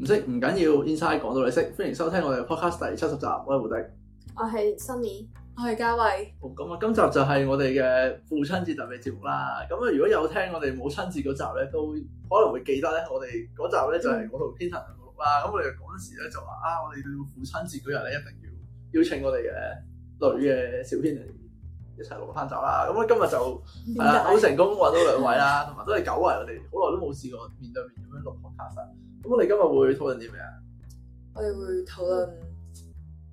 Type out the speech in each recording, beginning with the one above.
唔識唔緊要，Inscie 講到你識。歡迎收聽我哋嘅 podcast 第七十集，我係胡迪，我係 Sunny，我係嘉慧。咁啊、哦，今集就係我哋嘅父親節特別節目啦。咁啊，如果有聽我哋母親節嗰集咧，都可能會記得咧，嗯、我哋嗰集咧就係我同 Peter 兩個錄啦。咁我哋嗰陣時咧就話啊，我哋到父親節嗰日咧一定要邀請我哋嘅女嘅小錄 天神一齊錄翻集啦。咁咧今日就係啦，好成功揾到兩位啦，同埋 都係久違我哋好耐都冇試過面對面咁樣錄 podcast。咁我哋今日會討論啲咩啊？我哋會討論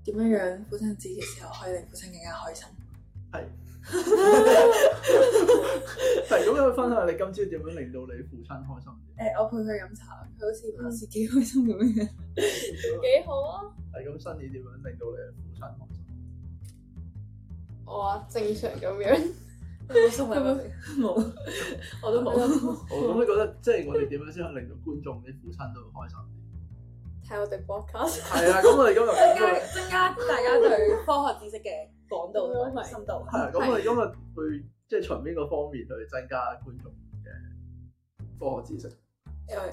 點樣樣父親節嘅時候可以令父親更加開心。係。 係咁樣分享下你今朝點樣令到你父親開心？誒、欸，我陪佢飲茶，佢好似 好似幾開心咁樣，幾好啊！係咁新年點樣令到你父親開心？我啊，正常咁樣。 冇，我都冇。哦，咁你覺得即係我哋點樣先可以令到觀眾啲父親都會開心？睇我直播卡。係啊，咁我哋今日增加增加大家對科學知識嘅廣度同深度。係啊，咁我哋今日對即係從邊個方面去增加觀眾嘅科學知識？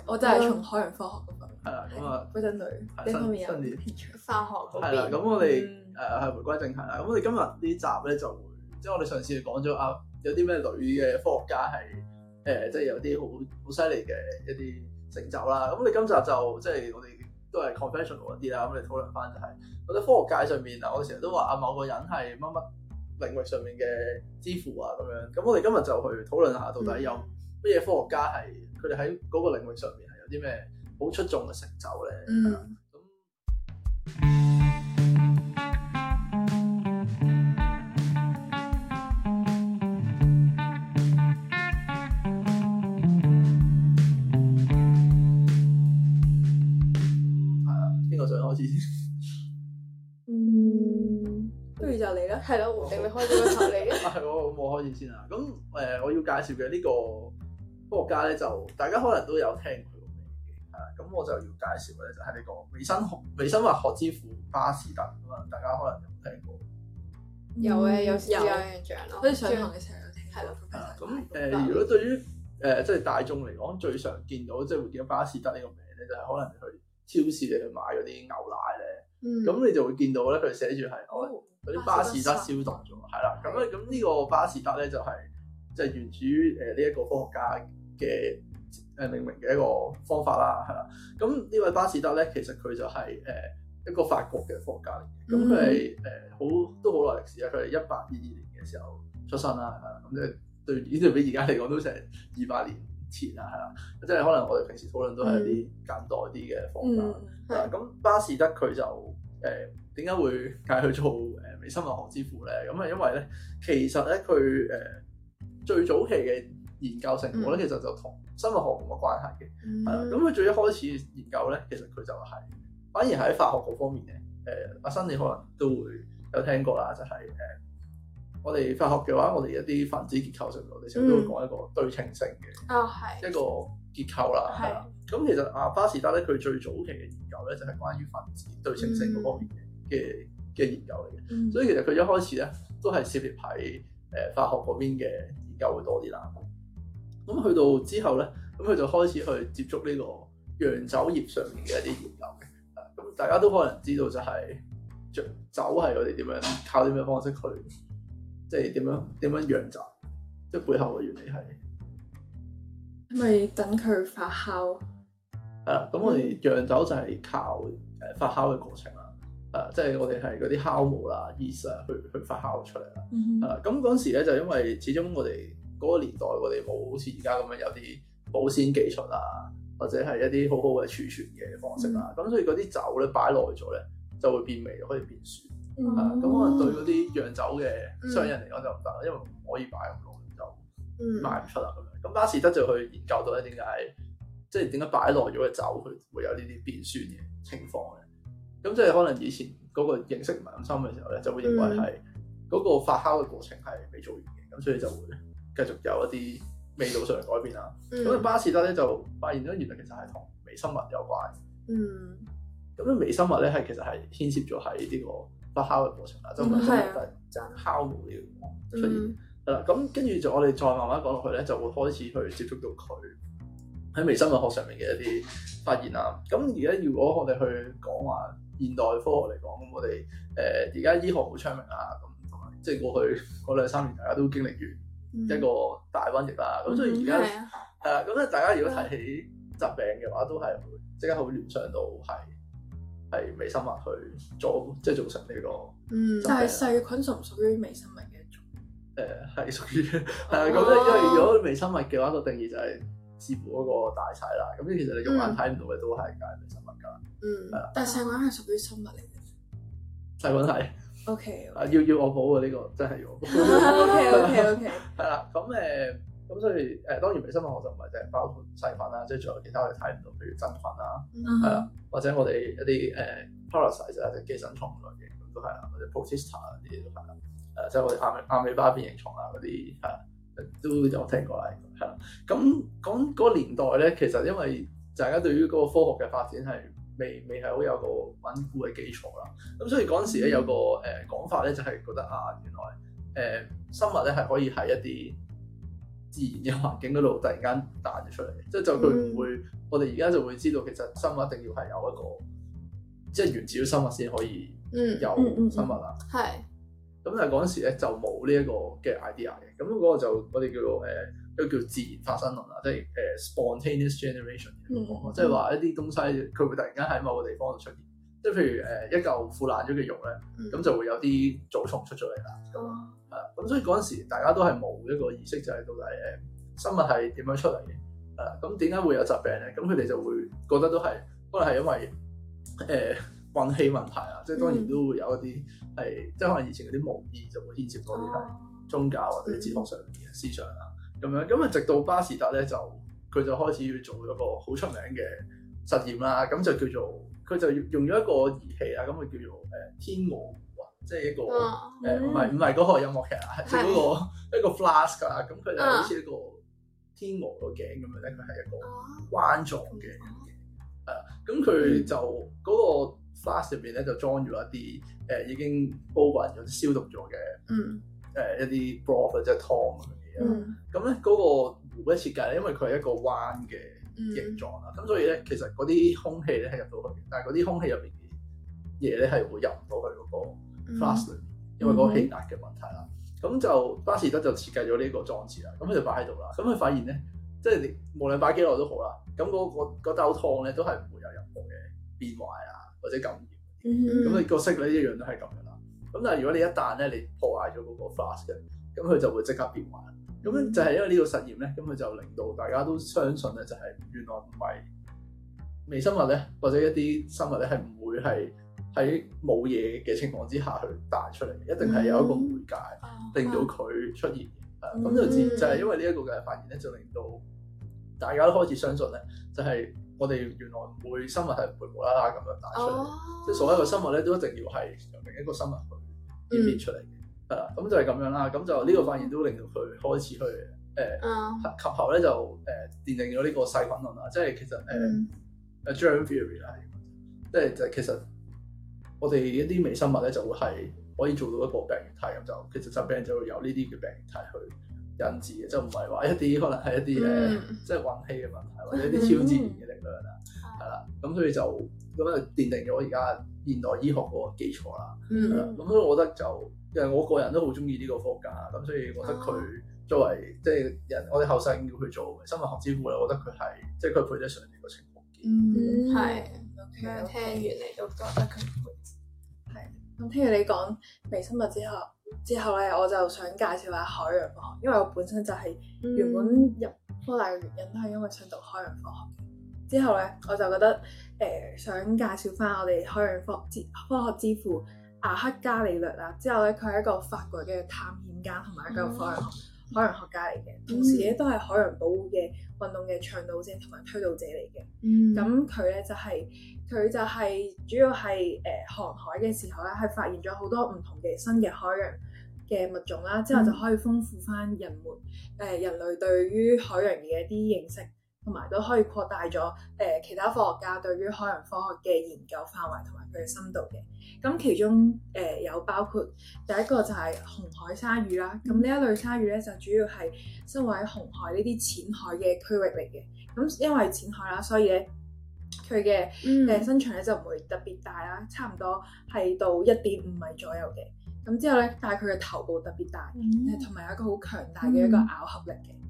我我就係從海洋科學咁啊。係啊，咁啊，嗰陣對呢方面啊，返學。係啦，咁我哋誒係回歸正題啦。咁我哋今日呢集咧就即係我哋上次講咗啊。有啲咩女嘅科學家係誒、呃，即係有啲好好犀利嘅一啲成就啦。咁你今集就即係我哋都係 conventional 一啲啦。咁你討論翻就係、是，我哋科學界上面啊，我哋成日都話啊，某個人係乜乜領域上面嘅之父啊咁樣。咁我哋今日就去討論下，到底有乜嘢科學家係佢哋喺嗰個領域上面係有啲咩好出眾嘅成就咧？嗯、mm。Hmm. 嗯，不如就嚟啦，係咯，定你開咗個頭你咧？係、 啊，我冇開始先啊。咁誒，我要介紹嘅呢個科學家咧，就大家可能都有聽佢個名嘅。啊，咁我就要介紹咧，就係呢個微生物微生物學之父巴斯德啊。大家可能有冇聽過？有，有嘅、啊，有有印象咯。好似中學嘅時候有聽，係咯。咁誒對，對如果對於誒、呃、即係大眾嚟講最常見到即係、就是、會見到巴斯德呢個名咧，就係、是、可能佢。超市嚟去買嗰啲牛奶咧，咁、嗯、你就會見到咧，佢寫住係嗰啲巴斯德消毒咗，係啦、嗯。咁咧，咁呢個巴斯德咧就係即係源自於誒呢一個科學家嘅誒、呃、命名嘅一個方法啦，係啦。咁呢位巴斯德咧，其實佢就係、是、誒、呃、一個法國嘅科學家嚟嘅，咁佢係誒好都好耐歷史啦，佢係一八二二年嘅時候出生啦，係咁即係對呢度比而家嚟講都成二百年前啊，係啦，即係可能我哋平時討論都係一啲簡單啲嘅方法。咁、嗯、巴士德佢就誒點解會嗌佢做誒微生物學之父咧？咁係因為咧，其實咧佢誒最早期嘅研究成果咧，其實就同生物學冇乜關係嘅。咁佢、嗯呃、最一開始研究咧，其實佢就係、是、反而喺化學嗰方面嘅。誒阿新你可能都會有聽過啦，就係、是、誒。呃我哋化學嘅話，我哋一啲分子結構上我哋成日都會講一個對稱性嘅啊，係一個結構啦。係啦、哦，咁、啊、其實啊，巴士達咧，佢最早期嘅研究咧就係關於分子對稱性嗰方面嘅嘅嘅研究嚟嘅。嗯、所以其實佢一開始咧都係涉獵喺誒化學嗰邊嘅研究會多啲啦。咁去到之後咧，咁佢就開始去接觸呢個洋酒業上面嘅一啲研究嘅。咁、啊、大家都可能知道、就是，就係釀酒係我哋點樣靠啲咩方式去？即係點樣點樣釀酒？即係背後嘅原理係咪等佢發酵？係啦，咁、啊、我哋釀酒就係靠誒發酵嘅過程啦、啊。誒、啊，即係我哋係嗰啲酵母啦、啊、yeast、啊、去去發酵出嚟啦、啊。咁嗰、嗯哼啊、時咧就因為始終我哋嗰個年代我哋冇好似而家咁樣有啲保鮮技術啊，或者係一啲好好嘅儲存嘅方式啦、啊。咁、嗯啊、所以嗰啲酒咧擺耐咗咧就會變味，可以變酸。啊，咁啊對嗰啲釀酒嘅商人嚟講就唔得，因為唔可以擺咁耐就賣唔出啦咁樣。咁、嗯嗯、巴士德就去研究到咧，點解即係點解擺耐咗嘅酒佢會有呢啲變酸嘅情況嘅？咁即係可能以前嗰個認識唔係咁深嘅時候咧，就會認為係嗰個發酵嘅過程係未做完嘅，咁、嗯、所以就會繼續有一啲味道上改變啦。咁巴士德咧就發現咗，原來其實係同微生物有關。嗯，咁啲微生物咧係其實係牽涉咗喺呢個。不烤嘅過程啦、嗯啊，就咁樣突然間烤無聊，出現係啦。咁跟住就我哋再慢慢講落去咧，就會開始去接觸到佢喺微生物學上面嘅一啲發現啊。咁而家如果我哋去講話現代科學嚟講，咁我哋誒而家醫學好昌明啊，咁同埋即係過去嗰兩三年大家都經歷完一個大瘟疫啦。咁、嗯、所以而家係啦，咁、嗯、啊大家如果提起疾病嘅話，都係即刻會聯想到係。係微生物去做，即係造成呢個，嗯，但係細菌屬唔屬於微生物嘅一種？誒、呃，係屬於，係啊、哦，咁即係如果微生物嘅話，個定義就係似乎嗰個大細啦。咁其實你肉眼睇唔到嘅都係介微生物噶，嗯，係啦的、嗯。但係細菌係屬於生物嚟嘅，細菌係，OK，啊要要我補啊呢個真係要我補，OK OK OK，係啦， 咁誒。這個咁所以誒、呃，當然微生物就唔係淨係包括細菌啦，即係仲有其他我哋睇唔到，譬如真菌啦，係啦、mm hmm.，或者我哋一啲誒 parasite 啊，呃、Par ite，即係寄生蟲類嘅，咁都係啦，或者 Protista 啲都係啦，誒、呃，即係我哋亞美亞美巴變形蟲啊嗰啲，係啦，都有聽過啦，係啦。咁、嗯、講嗰年代咧，其實因為大家對於嗰個科學嘅發展係未未係好有個穩固嘅基礎啦。咁所以嗰陣時咧有個誒、呃、講法咧，就係、是、覺得啊，原來誒、呃、生物咧係可以係一啲，自然嘅環境嗰度突然間彈咗出嚟，即係就佢唔會，嗯、我哋而家就會知道其實生物一定要係有一個，即係源自於生物先可以有生物啊。係、嗯。咁、嗯嗯、但係嗰陣時咧就冇呢一個嘅 idea 嘅，咁嗰個就我哋叫做誒一個叫自然發生論啊，即係誒 spontaneous generation，即係話一啲東西佢會突然間喺某個地方度出現，即係譬如誒一嚿腐爛咗嘅肉咧，咁、嗯、就會有啲蚤蟲出咗嚟啦。嗯嗯咁所以嗰陣時，大家都係冇一個意識，就係、是、到底誒生物係點樣出嚟嘅？誒咁點解會有疾病咧？咁佢哋就會覺得都係可能係因為誒、欸、運氣問題啊，即係當然都會有一啲係即係可能以前嗰啲巫醫就會牽涉嗰啲係宗教或者哲學上面嘅思想啊咁、嗯嗯、樣。咁啊，直到巴斯德咧就佢就開始要做一個好出名嘅實驗啦，咁就叫做佢就用咗一個儀器啦，咁佢叫做誒天鵝。即係一個誒唔係唔係個音樂劇啊，係嗰、那個嗎一個 flask 啦、嗯，咁。佢就好似一個天鵝個頸咁樣咧。佢係一個彎狀嘅啊，咁佢、啊、就、嗯、個 flask 入邊咧就裝住一啲誒、呃、已經煲滾咗、消毒咗嘅嗯誒、呃、一啲 broth 即係湯咁嘅嘢啦。咁咧、嗯、個壺嘅設計咧，因為佢係一個彎嘅形狀啦，咁、嗯嗯嗯、所以咧其實啲空氣咧係入到去，但係啲空氣入邊嘅嘢咧係會入唔到去。flask 咧，嗯、因為個氣壓嘅問題啦，咁、嗯、就巴士德就設計咗呢個裝置啦，咁佢就擺喺度啦，咁佢發現咧，即係你無論擺幾耐都好啦，咁嗰、那個兜、那個那個、湯咧都係唔會有任何嘅變壞啊或者感染，咁、嗯、你那個色咧一樣都係咁噶啦，咁但係如果你一旦咧你破壞咗嗰個 flask 嘅，咁佢就會即刻變壞，咁就係因為呢個實驗咧，咁佢就令到大家都相信咧就係、是、原來唔係微生物咧或者一啲生物咧係唔會係。喺冇嘢嘅情況之下，去帶出嚟，一定係有一個媒介令到佢出現嘅。咁、uh, mm hmm. 就自就係因為呢一個嘅發現咧，就令到大家都開始相信咧，就係我哋原來每生物唔會無啦啦咁樣帶出嚟，即係、oh. 所有嘅生物咧都一定要係由另一個生物去演變出嚟嘅。啊、mm，咁、hmm. uh, 就係咁樣啦。咁就呢個發現都令到佢開始去誒、uh, oh. 及後咧，就誒奠定咗呢個細菌論啦。即係其實誒，a Germ Theory 啦，即係就其實。Uh, mm hmm. 我哋一啲微生物咧，就會係可以做到一個病原體咁就，其實疾病就會由呢啲嘅病原體去引致嘅，就唔係話一啲可能係一啲誒、嗯、即係運氣嘅問題，嗯、或者一啲超自然嘅力量。啦、嗯，係啦的。咁所以就咁樣，奠定咗而家現代醫學嗰個基礎啦。咁所以我覺得就，因為我個人都好中意呢個科學家。咁所以我覺得佢作為即係、哦、人，我哋後生要去做嘅生物學之父，我覺得佢係即係佢配得上呢個情況嘅。嗯，係。聽完你都覺得佢。咁聽完你講微生物之後，之後咧我就想介紹下海洋科學，因為我本身就係原本入科大嘅原因都係因為想讀海洋科學。之後咧我就覺得誒、呃、想介紹翻我哋海洋科科科學之父阿克加里略啦。之後咧佢係一個法國嘅探險家同埋一個科學、嗯、海洋學家嚟嘅，同時咧都係海洋保護嘅。運動嘅倡導者同埋推導者嚟嘅，咁佢咧就係、是、佢就係主要係誒、呃、航海嘅時候咧，係發現咗好多唔同嘅新嘅海洋嘅物種啦，之後就可以豐富翻人們誒、呃、人類對於海洋嘅一啲認識。同埋都可以擴大咗誒、呃、其他科學家對於海洋科學嘅研究範圍同埋佢嘅深度嘅。咁其中誒有、呃、包括第一個就係紅海鯊魚啦。咁呢、嗯、一類鯊魚咧就主要係生活喺紅海呢啲淺海嘅區域嚟嘅。咁因為淺海啦，所以咧佢嘅誒身長咧就唔會特別大啦，嗯、差唔多係到一點五米左右嘅。咁之後咧，但係佢嘅頭部特別大，同埋、嗯、有一個好強大嘅一個咬合力嘅、嗯。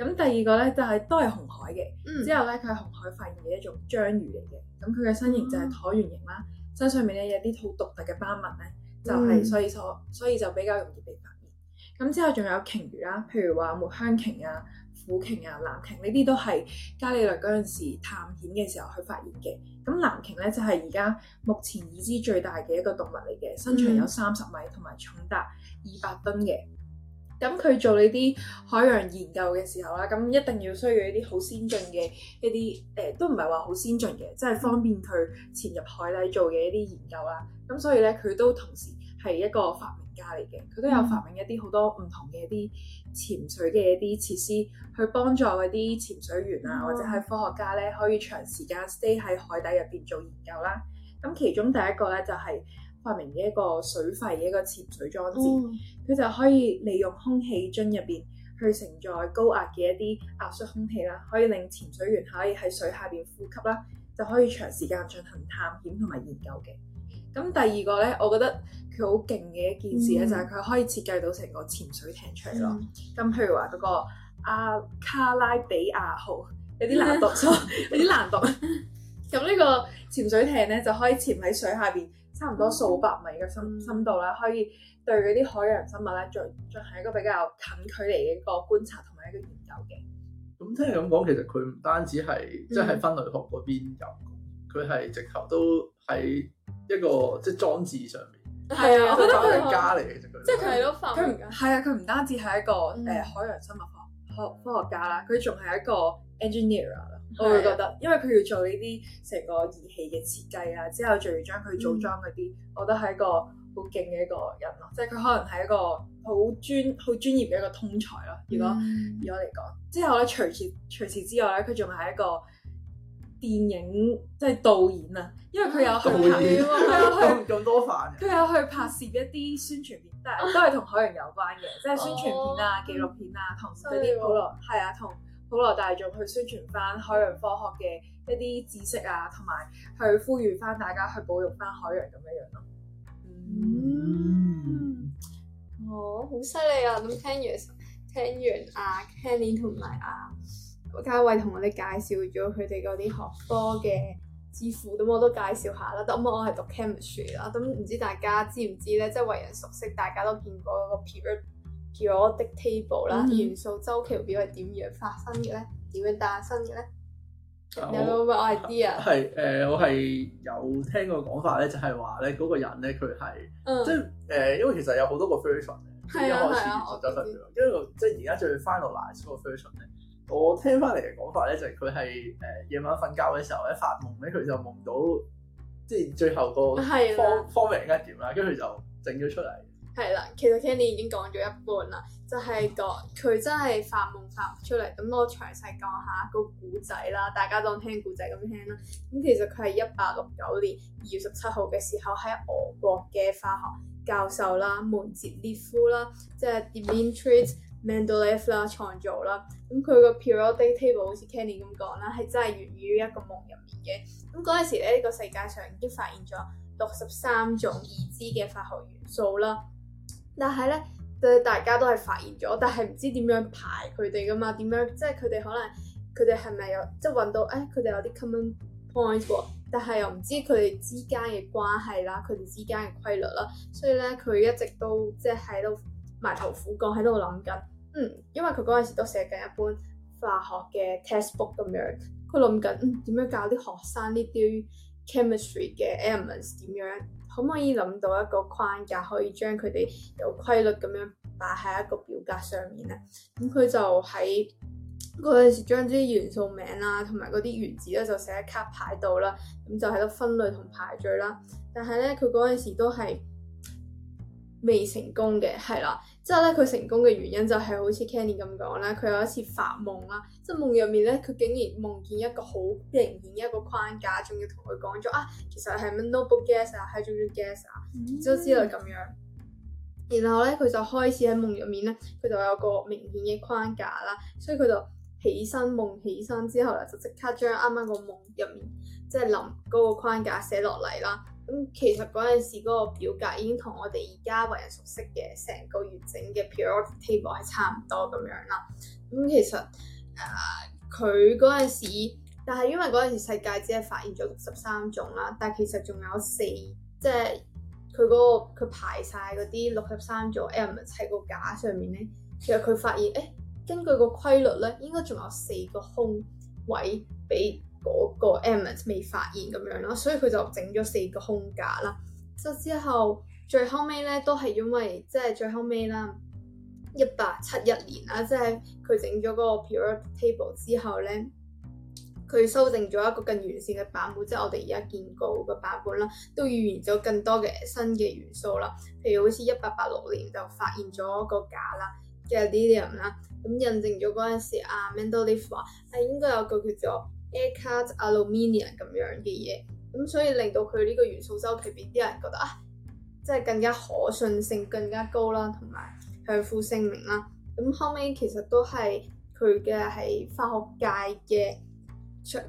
咁第二個咧就係都係紅海嘅，嗯、之後咧佢喺紅海發現嘅一種章魚嚟嘅，咁佢嘅身形就係橢圓形啦，嗯、身上面咧有啲好獨特嘅斑紋咧，就係、是、所以所所以就比較容易被發現。咁、嗯、之後仲有鯨魚啦，譬如話抹香鯨啊、虎鯨啊、藍鯨呢、啊、啲都係伽利略嗰陣時探險嘅時候去發現嘅。咁藍鯨咧就係而家目前已知最大嘅一個動物嚟嘅，身長有三十米同埋重達二百噸嘅。咁佢做呢啲海洋研究嘅時候啦，咁一定要需要一啲好先進嘅一啲誒、呃，都唔係話好先進嘅，即係方便佢潛入海底做嘅一啲研究啦。咁所以咧，佢都同時係一個發明家嚟嘅，佢都有發明一啲好多唔同嘅一啲潛水嘅一啲設施，去幫助嗰啲潛水員啊，或者係科學家咧，可以長時間 stay 喺海底入邊做研究啦。咁其中第一個咧就係、是。發明嘅一個水肺嘅一個潛水裝置，佢、oh. 就可以利用空氣樽入邊去承載高壓嘅一啲壓縮空氣啦，可以令潛水員可以喺水下邊呼吸啦，就可以長時間進行探險同埋研究嘅。咁第二個咧，我覺得佢好勁嘅一件事咧，mm. 就係佢可以設計到成個潛水艇出嚟咯。咁、mm. 譬如話嗰個阿卡拉比亞號，有啲難讀，Yeah. 有啲難讀。咁 呢個潛水艇咧就可以潛喺水下邊。差唔多數百米嘅深深度啦，可以對嗰啲海洋生物咧進進行一個比較近距離嘅一個觀察同埋一個研究嘅。咁聽你咁講，其實佢唔單止係即係分類學嗰邊有，佢係、嗯、直頭都喺一個即係裝置上面。係啊，我覺得佢係專家嚟嘅啫。即係佢係都，佢唔係啊！佢唔單止係一個誒、嗯、海洋生物學科學科學家啦，佢仲係一個 engineer 我會覺得，因為佢要做呢啲成個儀器嘅設計啊，之後仲要將佢組裝嗰啲，嗯、我覺得係一個好勁嘅一個人咯、啊。即係佢可能係一個好專好專業嘅一個通才咯、啊。如果以、嗯、我嚟講，之後咧，除此除此之外咧，佢仲係一個電影即係、就是、導演啊，因為佢有好、啊、去拍，佢有去拍攝一啲宣傳片，都係都係同海洋有關嘅，即係宣傳片啊、哦、紀錄片啊，同佢啲部落係啊，同了。普羅大眾去宣傳翻海洋科學嘅一啲知識啊，同埋去呼籲翻大家去保育翻海洋咁樣樣咯。嗯，嗯，哦，好犀利啊！咁聽完，聽完啊 Kenny 同埋啊，嘉慧同我哋介紹咗佢哋嗰啲學科嘅之父，咁我都介紹下啦。咁我我係讀 chemistry 啦，咁唔知大家知唔知咧？即係為人熟悉，大家都見過個 period。叫我的 table 啦，嗯嗯，元素周期表係點樣發生嘅咧？點樣誕生嘅咧？有冇個 idea？係，誒、呃，我係有聽過講法咧，就係話咧，嗰個人咧佢係，嗯、即係誒、呃，因為其實有好多個 version 嘅、啊，佢一開始元素週期表，跟住即係而家最 finalize 個嗰個 version 咧。我聽翻嚟嘅講法咧，就係佢係誒夜晚瞓覺嘅時候咧發夢咧，佢就夢到即係最後個，係 o 是、啊、form forming 一點啦，跟住就整咗出嚟。係啦，其實 c a n n y 已經講咗一半啦，就係講佢真係發夢發出嚟。咁我詳細講下個古仔啦，大家當聽古仔咁聽啦。咁、嗯、其實佢係一八六九年二月十七號嘅時候，喺俄國嘅化學教授啦，門捷列夫啦，即係 Dmitri Mendeleev 啦創造啦。咁佢個 periodic table 好似 c a n n y 咁講啦，係真係源於一個夢入面嘅。咁嗰陣時咧，呢、這個世界上已經發現咗六十三種已知嘅化學元素啦。但係咧，誒大家都係發現咗，但係唔知點樣排佢哋噶嘛？點樣即係佢哋可能佢哋係咪有即係揾到？誒佢哋有啲 common point 喎、啊，但係又唔知佢哋之間嘅關係啦，佢哋之間嘅規律啦，所以咧佢一直都即係喺度埋頭苦幹喺度諗緊。嗯，因為佢嗰陣時都寫緊一般化學嘅 textbook 咁樣，佢諗緊點樣教啲學生呢啲 chemistry 嘅 elements 點樣。可唔可以諗到一個框架，可以將佢哋有規律咁樣擺喺一個表格上面咧？咁、嗯、佢就喺嗰陣時將啲元素名啦、啊，同埋嗰啲原子咧，就寫喺卡牌度啦。咁就喺度分類同排序啦。但係咧，佢嗰陣時都係未成功嘅，係啦，之後咧佢成功嘅原因就係、是、好似 Kenny 咁講啦，佢有一次發夢啦，即夢入面咧佢竟然夢見一個好明顯嘅一個框架，仲要同佢講咗啊，其實係乜 noble gas 啊，係仲要 gas 啊， mm hmm. 之類咁樣。然後咧佢就開始喺夢入面咧，佢就有個明顯嘅框架啦，所以佢就起身夢起身之後啦，就即刻將啱啱個夢入面即係臨嗰個框架寫落嚟啦。咁、嗯、其實嗰陣時嗰個表格已經同我哋而家為人熟悉嘅成個完整嘅 periodic table 係差唔多咁樣啦。咁、嗯、其實誒佢嗰陣時，但係因為嗰陣時世界只係發現咗六十三種啦，但係其實仲有四、那個，即係佢嗰個佢排晒嗰啲六十三組 M 喺個架上面咧，其實佢發現誒、欸，根據個規律咧，應該仲有四個空位俾，嗰、那個 element 未發現咁樣咯，所以佢就整咗四個空架啦。咁之後最後尾咧都係因為即係最後尾啦，一八七一年啦，即係佢整咗嗰個 period table 之後咧，佢修正咗一個更完善嘅版本，即係我哋而家見過嘅版本啦，都預言咗更多嘅新嘅元素啦。譬如好似一八八六年就發現咗個架啦，germanium 啦，咁印證咗嗰陣時啊，Mendeleev 話係、哎、應該有個叫做…… Aircard aluminium 咁樣嘅嘢，咁所以令到佢呢個元素周期表啲人覺得啊，即係更加可信性更加高啦，同埋享負盛名啦。咁後尾其實都係佢嘅喺化學界嘅，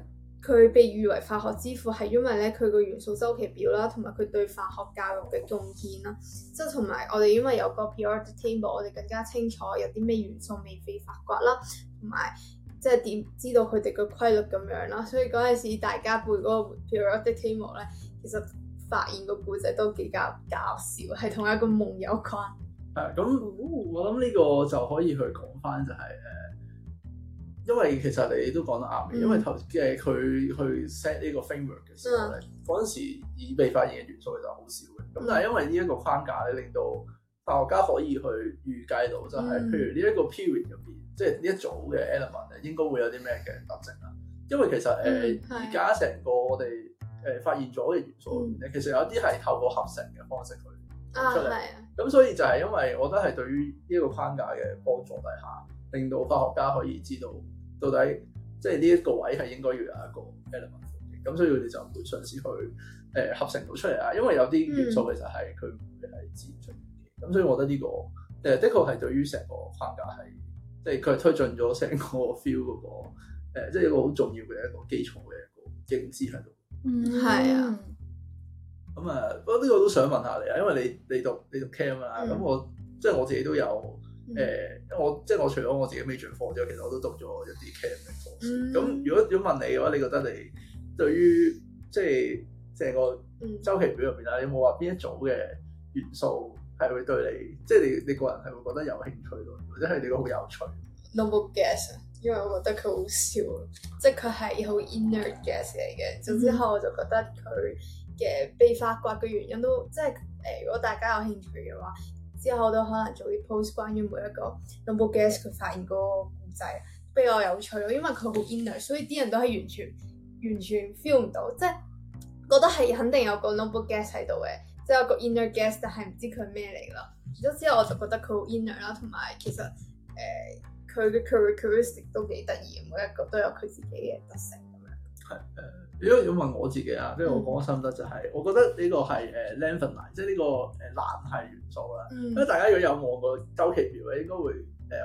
佢被譽為化學之父係因為咧佢個元素周期表啦，同埋佢對化學教育嘅貢獻啦。即係同埋我哋因為有個 period table，我哋更加清楚有啲咩元素未被發掘啦，同埋。即係點知道佢哋嘅規律咁樣啦，所以嗰陣時大家背嗰個 Periodic Table 咧，obile，其實發現個故仔都比較搞笑，係同一個夢有關。係咁、嗯哦，我諗呢個就可以去講翻就係、是、誒，因為其實你都講得啱嘅，因為頭嘅佢去 set 呢個 framework 嘅時候咧，嗰陣、嗯、時已被發現嘅元素其實好少嘅，咁但係因為呢一個框架咧，令到化學家可以去預計到、就是，就係譬如呢一個 period 入邊。即係呢一組嘅 element 咧，應該會有啲咩嘅特性啦？因為其實誒，而家成個我哋誒發現咗嘅元素咧，嗯、其實有啲係透過合成嘅方式去出嚟，咁、啊、所以就係因為我覺得係對於呢個框架嘅幫助底下，令到化學家可以知道到底即係呢一個位係應該要有一個 element 嘅，咁所以佢哋就唔會嘗試去誒、呃、合成到出嚟啦。因為有啲元素其實係佢並唔係自然出現嘅，咁、嗯、所以我覺得呢、這個誒、呃、的確係對於成個框架係。即係佢係推進咗成個 feel 嗰個，即、就、係、是、一個好重要嘅一個基礎嘅一個認知喺度。嗯，係啊。咁啊，不過呢個都想問下你啊，因為你你讀你讀 chem 啊、嗯，咁我即係、就是、我自己都有誒、呃，我即係、就是、我除咗我自己 major 科之外，其實我都讀咗一啲 chem 嘅科。咁、嗯、如果如果問你嘅話，你覺得你對於即係成係個週期表入邊咧，嗯、有冇話邊一組嘅元素？係會對你，即係你你個人係會覺得有興趣咯，或者係你覺得好有趣。noble guess，因為我覺得佢好笑，即係佢係好 inner guess 嚟嘅。總、嗯、之後我就覺得佢嘅被發掘嘅原因都即係誒，如果大家有興趣嘅話，之後都可能做啲 post 關於每一個 noble guess 佢發現嗰個故仔比較有趣咯，因為佢好 inner，所以啲人都係完全完全 feel 唔到，即係覺得係肯定有個 noble guess 喺度嘅。之後有個 inner guest，但係唔知佢咩嚟咯。除之後，我就覺得佢好 inner 啦，同埋其實誒佢嘅 characteristic 都幾得意，每一個都有佢自己嘅特性咁樣。係誒，如果如果問我自己啊，即係我講心得就係、是，我覺得呢個係誒 lengthen，即係呢個誒鑭系元素啦。咁、嗯、大家如果有望過周期表，應該會誒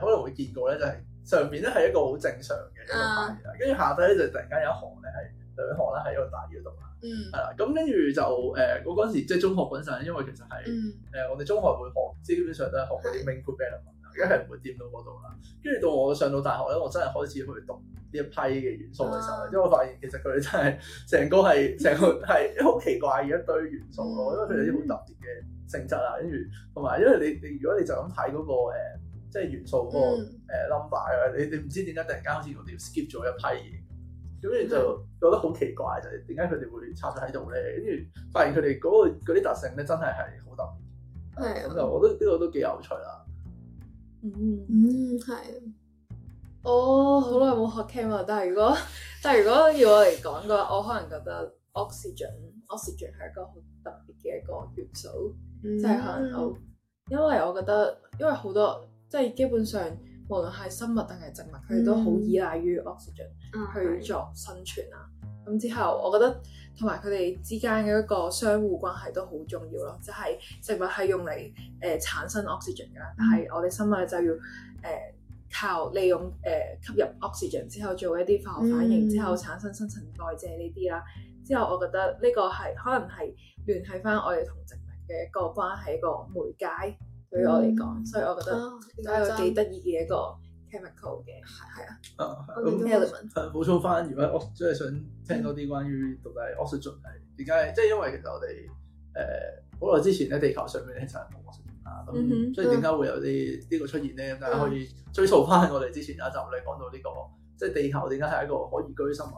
可能會見過咧，就係上邊咧係一個好正常嘅一個牌啊，跟住下低咧就突然間有一行咧係。對學啦，喺個大嘅度啦，係啦、嗯，咁跟住就誒，我、呃、嗰時即係中學嗰陣，因為其實係誒、嗯呃，我哋中學會學，基本上都係學啲 main group 嘅，而家係唔會掂到嗰度啦。跟住到我上到大學咧，我真係開始去讀呢一批嘅元素嘅時候咧，啊、因我發現其實佢哋真係成個係成、嗯、個係好奇怪嘅一堆元素咯、嗯，因為佢哋啲好特別嘅性質啊，跟住同埋因為你你如果你就咁睇嗰個、呃、即係元素嗰、個誒 number 啊、嗯呃，你你唔知點解突然間開始同你 skip 咗一批嘢。咁然就覺得好奇怪，就係點解佢哋會插住喺度咧？跟住發現佢哋嗰啲特性咧，真係係好特別。咁就我都，呢個都幾有趣啦。嗯嗯嗯，係、嗯。我好耐冇學 chemistry，但係如果但係如果要我嚟講嘅話，我可能覺得 oxygen oxygen 係一個好特別嘅一個元素，即係、嗯、可能因為我覺得因為好多即係基本上。無論係生物定係植物，佢哋都好依賴於 oxygen 去做生存啊！咁、mm hmm. 之後，我覺得同埋佢哋之間嘅一個相互關係都好重要咯。即、就、係、是、植物係用嚟誒、呃、產生 oxygen 㗎，但係我哋生物就要誒、呃、靠利用誒、呃、吸入 oxygen 之後做一啲化學反應，mm hmm. 之後產生新陳代謝呢啲啦。之後我覺得呢個係可能係聯繫返我哋同植物嘅一個關係一個媒介。對我嚟講， 嗯、所以我覺得都係一個幾得意嘅一個 chemical 嘅、嗯，係係啊。啊、嗯，咁 element，係補充翻，嗯嗯嗯、 如果我即係想聽多啲關於到底 oxygen 氧氣點解，即係因為其實我哋誒好耐之前咧地球上面其實係冇氧氣啊，咁、嗯、哼所以點解會有啲呢個出現咧？咁大家可以追溯翻我哋之前一集你講到呢、呢個。即係地球點解係一個可以居心生物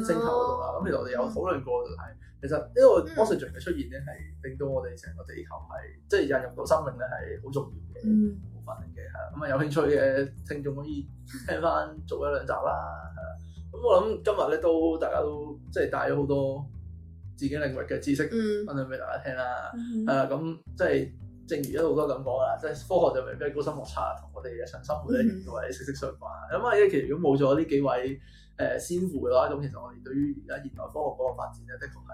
誒星、呃、球度啦？咁、嗯嗯就是、其實我哋有討論過係其實因為微生物嘅出現咧，係令到我哋成個地球係即係引入到生命咧係好重要嘅部、嗯、分嘅係啦。咁、嗯、啊，有興趣嘅聽眾可以聽翻做一兩集啦。係、嗯、啦，咁我諗今日咧都大家都即係帶咗好多自己領域嘅知識分享俾大家聽啦。係啦、嗯，咁、嗯啊、即係。正如一路都咁講啦，即係科學就未必係高深莫測，同我哋日常生活咧亦都係息息相關。咁啊、mm hmm.，其實如果冇咗呢幾位誒先父嘅話，咁其實我哋對於而家現代科學嗰個發展咧，的確係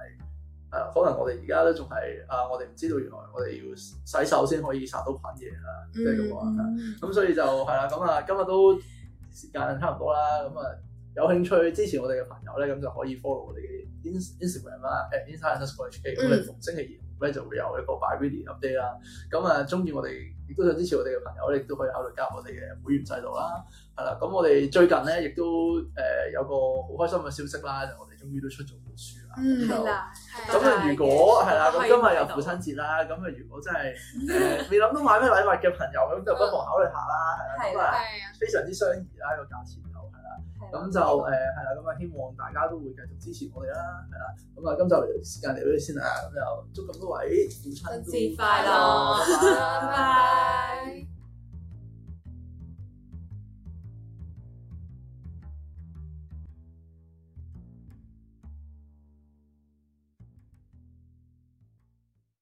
誒，可能我哋而家咧仲係啊，我哋唔知道原來我哋要洗手先可以殺到菌嘢啊，即係咁講咁所以就係啦，咁啊，今日都時間差唔多啦，咁啊，有興趣支持我哋嘅朋友咧，咁就可以 follow 我哋嘅 Instagram、mm、啦，誒，Instagram t e 我哋逢星期咧就會有一個 by video update 啦，咁啊中意我哋亦都想支持我哋嘅朋友，你亦都可以考慮加入我哋嘅會員制度啦，係啦，咁我哋最近咧亦都誒有個好開心嘅消息啦，就我哋終於都出咗本書啦，嗯係啦，咁啊如果係啦，咁今日又父親節啦，咁啊如果真係未諗到買咩禮物嘅朋友，咁就不妨考慮下啦，係啦，咁啊非常之相宜啦，個價錢。咁就誒係啦，咁啊希望大家都會繼續支持我哋啦，係啦，咁啊今集時間嚟到呢度先啦，咁就祝咁多位父親節快樂，拜拜